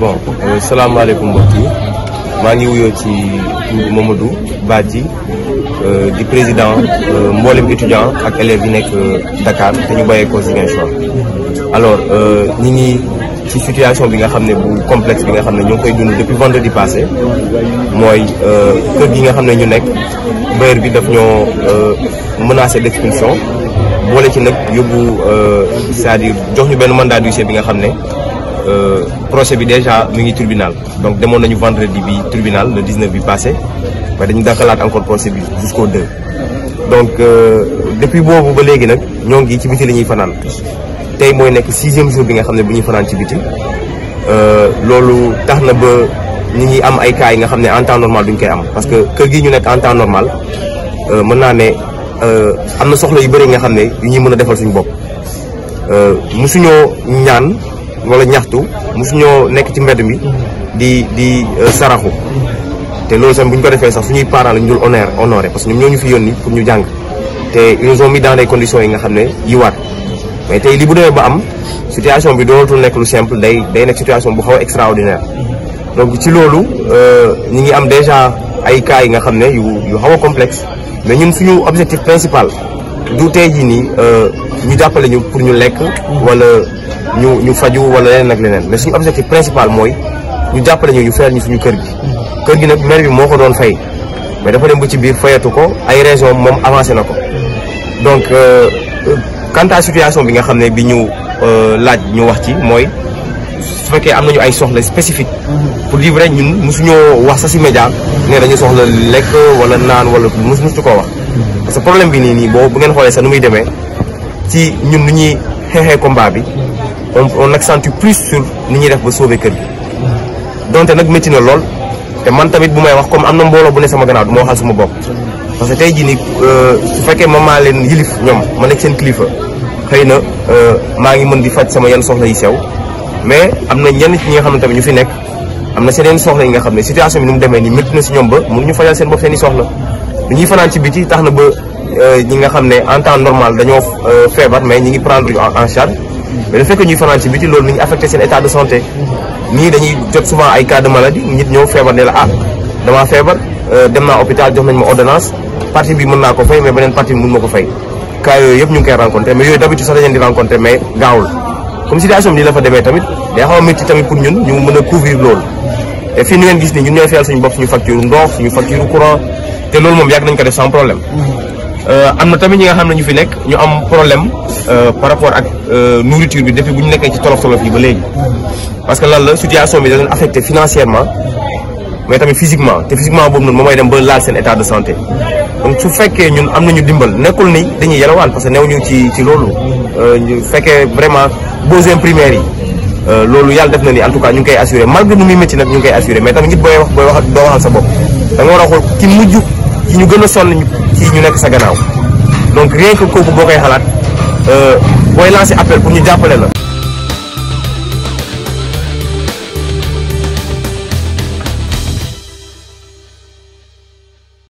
bon euh, salaamaaleykum mbokk yi maa ngi wuyoo ci tur Mamadou Badji euh, di président euh, mboolem étudiant ak élèves yi nekk Dakar te ñu bàyyee ko Ziguinchor alors ñi ngi ci situation bi nga xam ne bu complexe bi nga xam ne ñoo ngi koy dund depuis vendredi paase mooy kër gi nga xam ne ñu nekk bailleur bi daf ñoo menacé d'expulsion boole ci nag yóbbu c'est-à-dire jox ñu benn mandat d'huissier bi nga xam ne Euh, procès bi déjà mu ngi tribunal donc demoon nañu vendredi bi tribunal le 19 bi passé mais dañu daxalaat encore procès bi jusqu'au 2 donc euh, depuis boobu ba léegi nag ñoo ngi ci biti la ñuy fanaan tey mooy nekk sixième jour bi nga xam ne bu ñuy fanaan ci biti euh, loolu tax na ba ñu ngi am ay cas yi nga xam ne en temps normal duñ koy am parce que kër gi ñu nekk en temps normal mën naa ne am na soxla yu bëri nga xam ne yu ñuy mën a defal suñu bopp musuñoo ñaan wala ñaxtu mosu ñoo nekk ci mbedd mi di di euh, saraxu te loolu sax bu ñu ko defee sax suñuy parents lañ dul honneur honoré parce que ñoom ñoo ñu fi yónni pour ñu jàng te ils nous ont mis dans des conditions yi nga xam ne yi war mais tey li bu demee ba am situation bi dootul nekk lu simple day day nekk situation bu xaw a extraordinaire donc ci loolu euh, ñu ngi am déjà ay cas yi nga xam ne yu yu xaw a complexe mais ñun suñu objectif principal du tey jii nii euh, ñu jàppale ñu pour ñu lekk. wala ñu ñu faju wala leneen ak leneen mais suñu objectif principal mooy ñu jàppale ñu ñu fayal ñu suñu kër gi. kër gi nag maire bi moo ko doon fay mais dafa dem ba ci biir fayatu ko ay raison moom avancé na ko donc euh, euh, quant à bi nga xam ne bi ñu laaj ñu wax ci mooy su fekkee am nañu ay soxla spécifique pour livrer ñun mosuñoo wax sa si média ne dañu soxla lekk wala naan wala mosu mosuñu koo wax. parce que problème bi nii nii boo bu ngeen xoolee sax nu muy demee ci ñun nu ñuy xeexee combat bi on on accentue plus sur ni ñuy def ba sauver kër bi donte nag métti na lool te man tamit bu may wax comme am na mbooloo bu ne sama gannaaw du ma waxal suma bopp parce que tey ji nii euh, su fekkee moom maa leen yilif ñoom ma nekk seen kilifa xëy na euh, maa ngi mën di faj sama yenn soxla yi sew mais am na ñenn ci ñi nga xam ne tamit ñu fi nekk am na seen yenn soxla xam ne situation bi nu mu demee nii na si ñoom ba mënuñu fajal seen bopp seen soxla bi ñuy fanaan ci biti tax na ba euh, ñi nga xam ne en temps normal dañoo euh, feebar mais ñi ngi prendre en charge mais le fait ñuy fanaan ci biti loolu ni ngi affecté seen état de santé nii dañuy jot souvent ay cas de maladie nit ñëw feebar ne la ah damaa feebar euh, dem naa hôpital jox nañ ma ordonnance partie bi mën naa ko fay mais beneen partie bi mën ma ko fay cas yooyu yëpp ñu ngi koy rencontré mais yooyu d'habitude sax dañ leen di rencontré mais gaawul comme situation bi nii la fa demee tamit te fii ni ngeen gis ni ñun ñooy fayal suñu bopp suñu facture ndox suñu facture courant te loolu moom yàgg nañ ko def sans problème euh, am na tamit ñi nga xam ne ñu fi nekk ñu am problème euh, par rapport ak euh, nourriture bi depuis bu ñu nekkee ci tolof tolof yi ba léegi parce que lan la situation bi da leen affecté financièrement mais tamit physiquement te physiquement boobu noonu moom mooy dem ba laal seen état de santé donc su fekkee ñun am nañu dimbal nekkul ni dañuy yalawaan parce que ñu ci ci loolu ñu fekkee vraiment besoin primaire yi Euh, loolu yàlla def na ni en tout cas ñu ngi koy assuré malgré nu muy métti nag ñu ngi koy assuré mais tamit nit booy wax booy wax doo waxal sa bopp da war a xool ki mujj ki ñu gën sonn ci ñu nekk sa gannaaw donc rien que kooku boo koy xalaat euh, booy lancé appel pour ñu jàppale la.